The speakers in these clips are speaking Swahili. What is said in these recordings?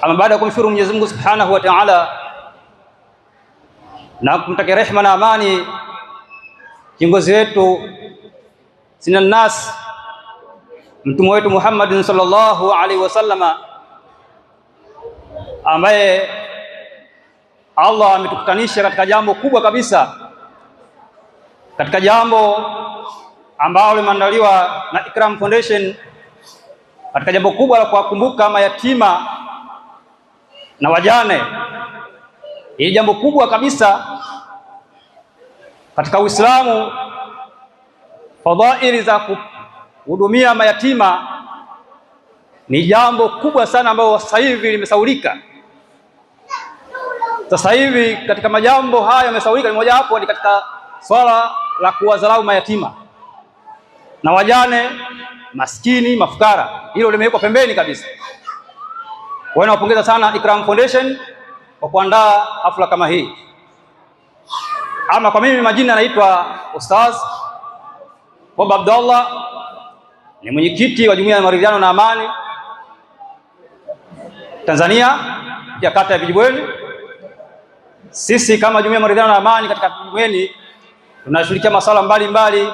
Ama baada ya kumshukuru Mwenyezi Mungu Subhanahu wa Ta'ala na kumtakia rehema na amani kiongozi wetu sina Nas, mtume wetu Muhammadin sallallahu alaihi wasallama, ambaye Allah ametukutanisha katika jambo kubwa kabisa, katika jambo ambalo limeandaliwa na Ikram Foundation, katika jambo kubwa la kuwakumbuka mayatima na wajane. Hili jambo kubwa kabisa katika Uislamu, fadhaili za kuhudumia mayatima ni jambo kubwa sana ambalo sasa hivi limesaulika. Sasa hivi katika majambo haya yamesaulika, ni mojawapo ni katika swala la kuwadharau mayatima na wajane, maskini, mafukara. Hilo limewekwa pembeni kabisa. Kwa hiyo nawapongeza sana Ikram Foundation kwa kuandaa hafla kama hii. Ama kwa mimi majina yanaitwa Ustaz Bob Abdallah, ni mwenyekiti wa Jumuiya ya Maridhiano na Amani Tanzania ya kata ya Vijibweni. Sisi kama Jumuiya ya Maridhiano na Amani katika Vijibweni tunashughulikia masuala mbalimbali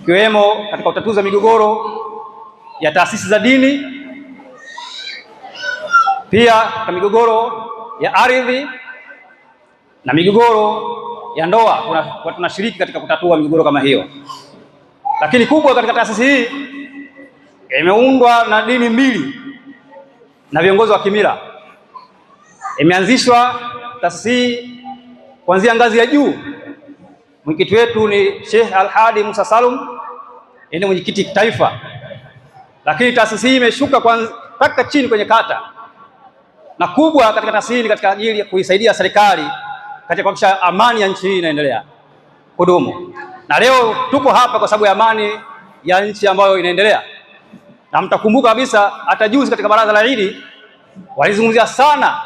ikiwemo katika utatuzi wa migogoro ya taasisi za dini pia na migogoro ya ardhi na migogoro ya ndoa tunashiriki katika kutatua migogoro kama hiyo. Lakini kubwa katika taasisi hii imeundwa na dini mbili na viongozi wa kimila. Imeanzishwa taasisi hii kuanzia ngazi ya juu. Mwenyekiti wetu ni Sheikh Al-Hadi Musa Salum, ni mwenyekiti taifa, lakini taasisi hii imeshuka mpaka chini kwenye kata na kubwa katika tasiri katika ajili ya kuisaidia serikali katika kuhakikisha amani ya nchi hii inaendelea kudumu. Na leo tuko hapa kwa sababu ya amani ya nchi ambayo inaendelea, na mtakumbuka kabisa hata juzi katika baraza la Idi walizungumzia sana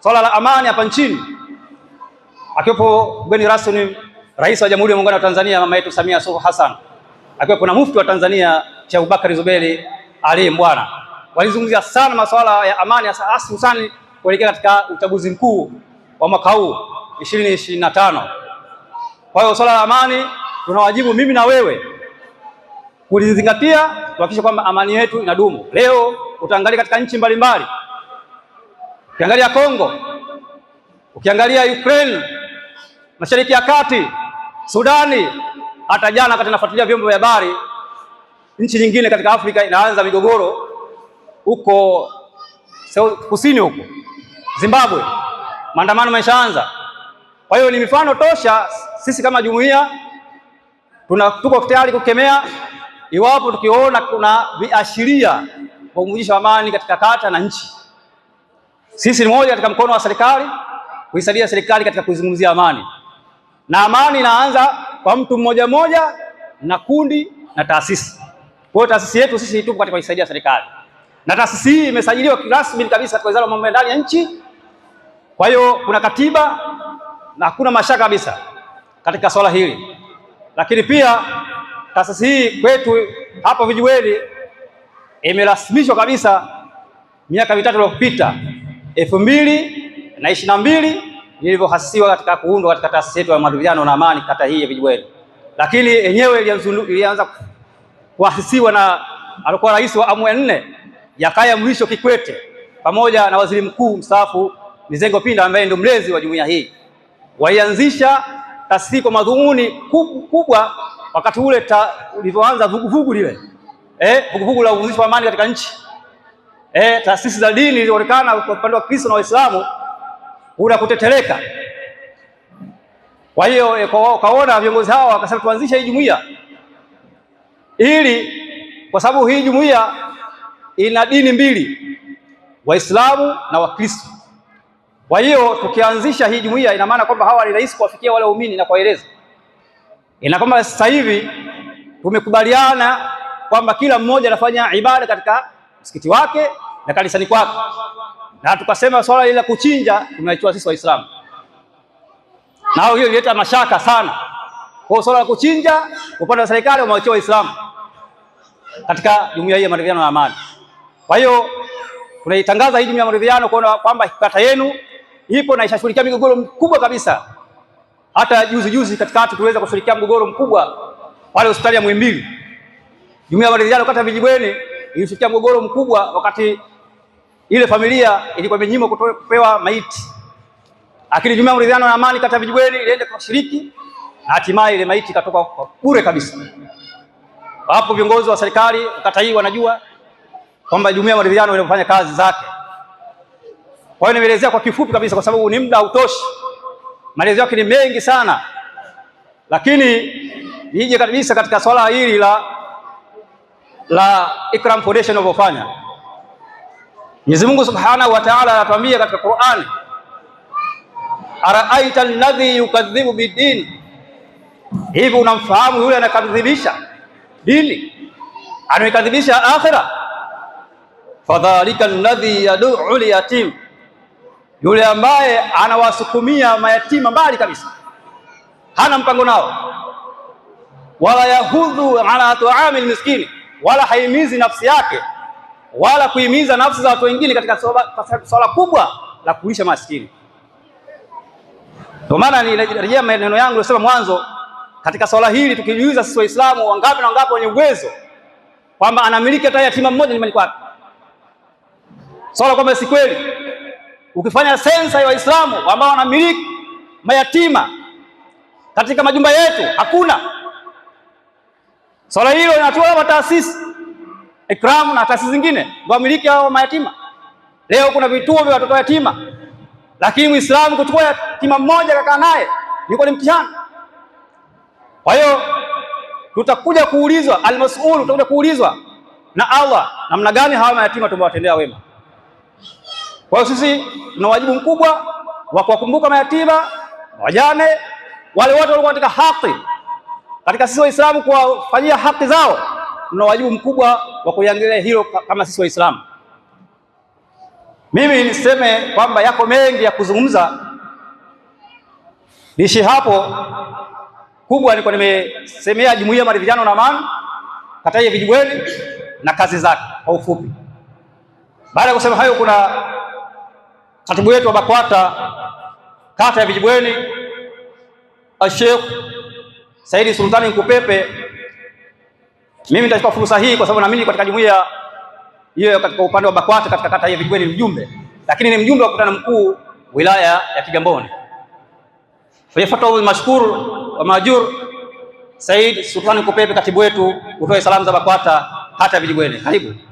swala la amani hapa nchini, akiwepo mgeni rasmi Rais wa Jamhuri ya Muungano wa Tanzania mama yetu Samia Suluhu Hassan, akiwepo na mufti wa Tanzania cha Abubakari Zuberi Ali Mbwana walizungumzia sana masuala ya amani, hususani kuelekea katika uchaguzi mkuu wa mwaka huu 2025. na tano. Kwa hiyo swala la amani tunawajibu mimi na wewe kulizingatia, kuhakikisha kwamba amani yetu inadumu. Leo utaangalia katika nchi mbalimbali, ukiangalia Kongo, ukiangalia Ukraine, Mashariki ya Kati, Sudani, hata jana wakati nafuatilia vyombo vya habari, nchi nyingine katika Afrika inaanza migogoro huko kusini huko Zimbabwe, maandamano yameshaanza. Kwa hiyo ni mifano tosha. Sisi kama jumuiya tuna tuko tayari kukemea iwapo tukiona kuna viashiria vya kuvunjisha amani katika kata na nchi. Sisi ni moja katika mkono wa serikali kuisaidia serikali katika kuizungumzia amani, na amani inaanza kwa mtu mmoja mmoja na kundi na taasisi. Kwa hiyo taasisi yetu sisi tupo katika kuisaidia serikali na taasisi hii imesajiliwa kirasmi kabisa katika Wizara ya Mambo ya Ndani ya nchi. Kwa hiyo kuna katiba na hakuna mashaka kabisa katika swala hili, lakini pia taasisi hii kwetu hapa Vijiweni imerasmishwa kabisa miaka mitatu iliyopita, elfu mbili na ishirini na mbili nilivyohasisiwa katika kuundwa katika taasisi yetu ya maridhiano na amani kata hii ya Vijiweni, lakini yenyewe ilianza kuhasisiwa na alikuwa rais wa awamu ya nne Jakaya Mrisho Kikwete pamoja na waziri mkuu mstaafu Mizengo Pinda ambaye ndio mlezi wa jumuiya hii walianzisha taasisi kwa madhumuni kubwa wakati ule ulivyoanza vuguvugu lile eh, vuguvugu la uvunjifu wa amani katika nchi eh, taasisi za dini zilionekana kwa upande wa Kristo na Waislamu kuna kuteteleka. Kwa hiyo eh, kaona viongozi hawa wakasema tuanzishe hii jumuiya ili kwa sababu hii jumuiya ina dini mbili, Waislamu na Wakristo. Kwa hiyo tukianzisha hii jumuiya, ina maana kwamba hawa ni rahisi kuwafikia wale waumini na kuwaeleza, ina kwamba sasa hivi tumekubaliana kwamba kila mmoja anafanya ibada katika msikiti wake na kanisani kwake, na tukasema swala ile la kuchinja tunaichua sisi Waislamu, na hiyo ilileta mashaka sana. Kwa swala la kuchinja upande wa serikali wameachiwa Waislamu katika jumuiya hii ya maridhiano na amani. Kwa hiyo tunaitangaza hili ya maridhiano kuona kwamba kata yenu ipo na ishashughulikia migogoro mkubwa kabisa. Hata juzi juzi katikati tuliweza kushughulikia mgogoro mkubwa pale hospitali ya Muhimbili. Jumuiya ya maridhiano kata Vijibweni ilishughulikia mgogoro mkubwa wakati ile familia ilikuwa imenyimwa kupewa maiti, lakini jumuiya ya maridhiano na amani kata Vijibweni ilienda shiriki na hatimaye ile maiti ikatoka bure kabisa. Hapo viongozi wa serikali kata hii wanajua kwamba jumuiya ya maridhiano inafanya kazi zake. Kwa hiyo nimeelezea kwa kifupi kabisa, kwa sababu ni muda hautoshi, maelezo yake ni mengi sana, lakini nije kabisa katika swala hili la la Ikram Foundation inavyofanya. Mwenyezi Mungu Subhanahu wa Ta'ala anatuambia katika Qur'an, araaita alladhi yukadhibu bidini, hivi unamfahamu yule anakadhibisha dini, anaikadhibisha akhirah fadhalika alladhi yad'u liyatim, yule ambaye anawasukumia mayatima mbali kabisa, hana mpango nao, wala yahudhu ala taamil miskini, wala haimizi nafsi yake wala kuimiza nafsi za watu wengine katika swala kubwa la kulisha maskini. Ndio maana nirejea maneno yangu niliyosema mwanzo, katika swala hili tukijiuliza sisi Waislamu wangapi na wangapi wenye uwezo kwamba anamiliki hata yatima mmoja nyumbani kwake Swala kwamba si kweli. Ukifanya sensa ya Waislamu ambao wanamiliki mayatima katika majumba yetu hakuna. Swala hilo Inatoa kwa taasisi Ikramu na taasisi zingine ndio wamiliki hao mayatima. Leo kuna vituo vya watoto yatima, lakini Muislamu kuchukua yatima mmoja kakaa naye yuko ni mtihani. Kwa hiyo tutakuja kuulizwa, almas'ul, tutakuja kuulizwa na Allah namna gani hawa mayatima tumewatendea wema. Kwa hiyo sisi tuna wajibu mkubwa wa kuwakumbuka mayatima, wajane, wale wote walikuwa katika haki, katika sisi Waislamu kuwafanyia haki zao. Tuna wajibu mkubwa wa kuliangalia hilo kama sisi Waislamu. Mimi niseme kwamba yako mengi ya kuzungumza, niishi hapo. Kubwa nilikuwa nimesemea jumuiya ya maridhiano na amani kata ya Vijibweni na kazi zake kwa ufupi. Baada ya kusema hayo, kuna katibu wetu wa BAKWATA kata ya Vijibweni Sheikh Saidi Sultani Nkupepe, mimi nitachukua fursa hii kwa sababu naamini katika jumuiya hiyo, katika upande wa BAKWATA katika kata ya Vijibweni mjumbe, lakini ni mjumbe wa mkutano mkuu wilaya ya Kigamboni. Fayafatul mashkur wa majur Said Sultani Kupepe, katibu wetu, utoe salamu za BAKWATA kata ya Vijibweni. Karibu.